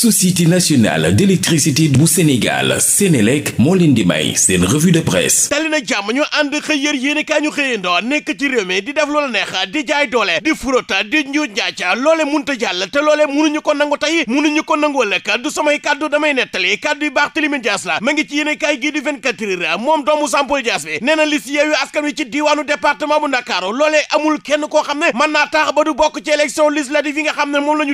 société nationale d'électricité bu Sénégal Sénélec moo leen di may seen revue de presse tali na jàmm ñu ànd xëy yër yéenekaay ñu xëyandoo nekk ci réew mi di def loola neex di jaay doole di furota di ñu njaaca loole munta jàll te loole munuñu ko nangu tey munuñu ko nangu ëllëg du samay kàddu damay nettali kàddu yu baax Barthélémy Dias la ma ngi ci yéenekaay gii di 24 moom doomu Sampol Dias bi nee na li si ci diiwaanu département kenn koo xam ne mën naa tax ba du bokk xam ne moom la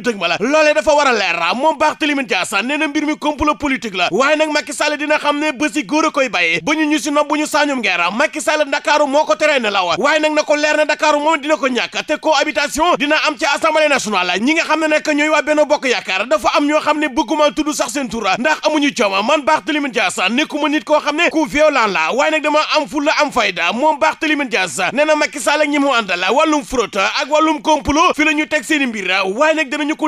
ñu Barthélémy Dias nee na mbir mi complot politique la waaye nag Macky Sall dina xam ne bési góor a koy bàyyee ba ñu ñu bu ñu saañum ngeera Macky Sall moo ko teree ne law waaye nag na ko leer ne Ndakaaru moom ko ñàkk te cohabitation dina am ci assemblée nationale ñi nga xam ne nag ñooy waa Benno Bokk Yaakaar dafa am ñoo xam ne bëgguma tudd sax xam ne ku violent la waaye nag dama am fulla am fayda moom Barthélémy Dias nee na Macky Sall ak ñi ñu teg seen mbir waaye nag dinañu ko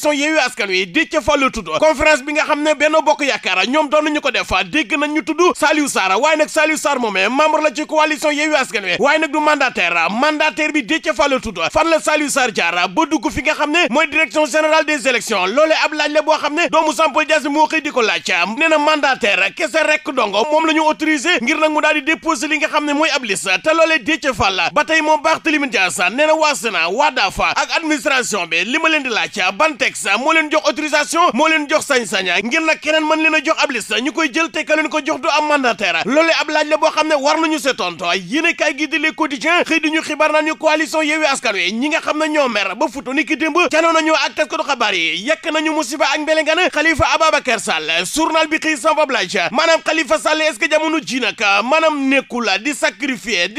coalition Yewwi Askan Wi Déthié Fall la tudd conférence bi nga xam ne Benno Bokk Yaakaar ñoom doon nañu ko def dégg nañ ñu tudd Saliou Sarr waaye nag Saliou Sarr moomee membre la ci coalition Yewwi Askan Wi waaye nag du mandataire mandataire bi dugg fi nga xam ne mooy direction générale des élections loolee ab la boo xam ne doomu Sampol Dias moo xëy ko laaj nee na kese rek dongo moom la ñu autorisé ngir nag mu daal nga xam ne mooy ab liste te loolee Déthié Fall ba Frontex moo leen jox autorisation moo leen jox sañ-saña ah ngir nag keneen mën leen a jox ab liste ñu koy jël te jox du am mandataire ah ab laaj la boo xam ne war nañu se tonto yéen a kaay Le Quotidien xëy ñu xibaar naan ñu coalition Yewwi Askan Wi ñi xam ne ñoo mer futu ni ki démb canoo nañu ak tas ko du xabaar yi yekk musiba ak mbelengana Khalifa Ababacar Sall bi xëy san bablaj ah maanaam Khalifa Sall est-ce que jamono ji nag di sacrifier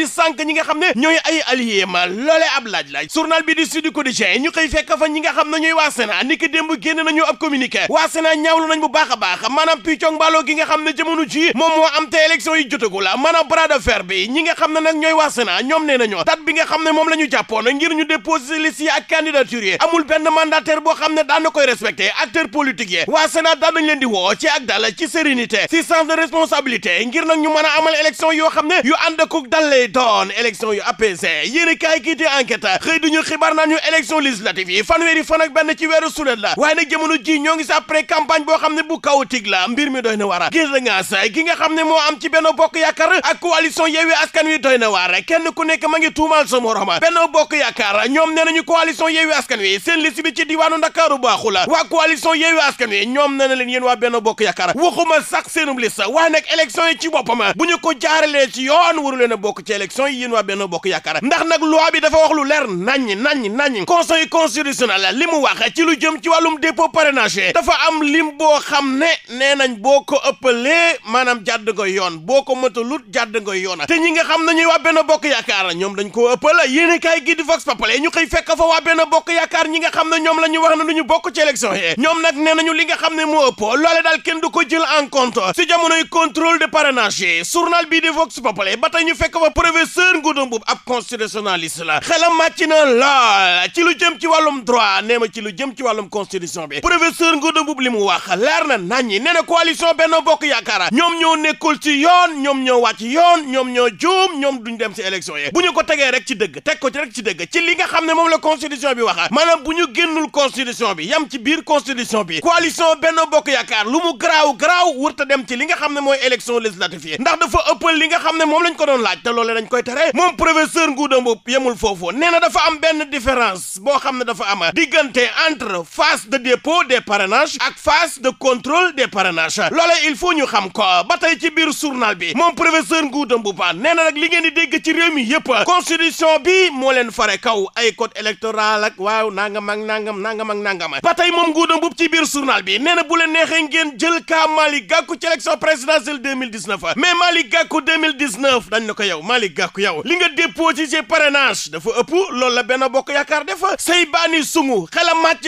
sénat ni ki démb génn nañu ab communiqué waa sénat ñaawlu nañ bu baax a baax maanaam piccong mbaaloo gi nga xam ne jamono ji moom moo am te élection yi jotagu la maanaam bras fer bi ñi nga xam ne nag ñooy ñoom nee nañu date bi nga xam moom la ñu jàppoon ngir ñu déposer liste yi ak candidature yi amul benn mandataire boo xam ne daan na koy respecté acteur politique yi waa sénat daan nañ leen di woo ci ak dal ci sérénité ci sens de responsabilité ngir nag ñu mën a amal élection yoo xam ne yu ànd ak dal lay doon élection yu apaisé yéen a kaay kii di xëy ñu élection législative yi fanweeri fan ak benn wa rasulillah waaye nag jamono ji ñoo ngi si après campagne boo xam ne bu chaotique la mbir mi doy na waar gis nga say ki nga xam ne moo am ci Benno Bokk Yaakaar ak coalition Yewwi Askan Wi doy na waar kenn ku nekk ma ngi tuumaal sa morom Benno Bokk Yaakaar ñoom nee nañu coalition Yewwi Askan Wi seen liste bi ci diwaanu Ndakaaru baaxu la waa coalition Yewwi Askan Wi ñoom nee na leen yéen waa Benno Bokk Yaakaar waxuma sax seenum liste waaye nag élection yi ci boppam bu ñu ko jaaralee ci yoon waru leen a bokk ci élection yi yéen waa Benno Bokk Yaakaar ndax nag loi bi dafa wax lu leer nañ nañ nañ conseil constitutionnel li mu wax ci lu jëm ci wàllum dépôt parrainage dafa am lim boo xam ne nee nañ boo ko ëppalee maanaam jàdd nga yoon boo ko matalut jàdd nga yoon te ñi nga xam nañu ñuy waa benn bokk yaakaar ñoom dañ ko ëppal yéen i kaay gi di vox papale ñu xëy fekk fa waa benn bokk yaakaar ñi nga xam ne ñoom la ñu wax ne ñu bokk ci élection yi ñoom nag nee nañu li nga xam ne moo ëpp loole daal kenn du ko jël en compte si jamonoy contrôle de parrainage yi journal bii di vox populi ba tey ñu fekk fa professeur Ngouda Mboup ab constitutionnaliste la xelam màcc na lool ci jëm ci wàllum droit nee ma ci lu jëm ci wàllum constitution bi professeur Ngouda Mboup li mu wax leer na naññi nee na coalition Benno Bokk Yaakaar ñoom ñoo nekkul ci yoon ñoom ñoo wàcc yoon ñoom ñoo juum ñoom duñ dem si élection yi bu ñu ko tegee rek ci dëgg teg ko ci rek ci dëgg ci li nga xam ne moom la constitution bi wax maanaam bu ñu génnul constitution bi yam ci biir constitution bi coalition Benno Bokk Yaakaar lu mu garaaw garaaw wurta dem ci li nga xam ne mooy élection législative ndax dafa ëppal li nga xam ne moom lañ ko doon laaj te loolu koy tere moom professeur Ngouda Mboup yemul foofu dafa am benn différence boo xam ne dafa am diggante entre entre phase de dépôt des parrainages ak phase de contrôle des parrainages loolee il faut ñu xam ko ba ci biir journal bi moom professeur Ngouda Mboup nee na li ngeen di dégg ci réew mi constitution bi moo leen fare kaw ay code électoral ak waaw nangam ak nangam nangam moom Ngouda Mboup ci biir journal bi nee na bu leen neexee ngeen jël kaa Malick Gakou ci élection présidentielle mais Malick Gakou dañ na ko yow Malick Gakou yow li nga déposé ci parrainage dafa ëpp loolu la benn bokk yaakaar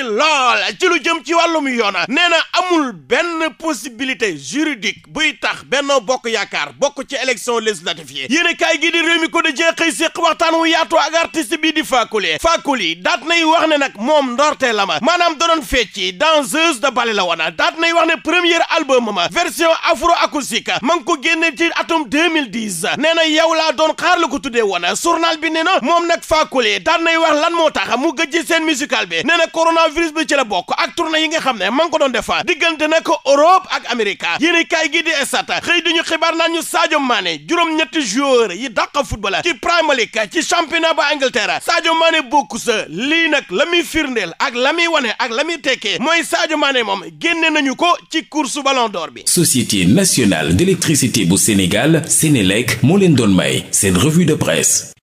lool ci lu jëm ci wàllum yoon nee na amul benn possibilité juridique buy tax benn Bokk Yaakaar bokk ci élection législative yi yéen a kaay gi di réew mi ko di jeexee séq waxtaan wu yaatu ak artiste bii di Fakoli Fakoli daat nay wax ne nag moom ndorte la ma maanaam da doon fecci danseuse de ballet la wana daat nay wax ne premier album ma version afro acoustique ma ngi ko génne ci atum 2010 nee na yow laa doon xaar la ko tuddee wana journal bi ne na moom nag Fakoli daat nay wax lan moo tax mu gëj seen musical coronavirus bi ci la bokk ak tournée yi nga xam ne ma ngi ko doon defa diggante nag Europe ak Amérique yéen kaay gi di esat xëy di ñu xibaar naan ñu Sadio juróom-ñetti joueur yi dàq football ci Premier League ci championnat ba Angleterre Sadio Mané bokku sa lii nag la muy firndeel ak la muy wane ak la muy tekkee mooy Sadio maane moom génne nañu ko ci course ballon door bi. Société nationale d'électricité bu Sénégal Sénélec moo leen doon may seen revue de presse.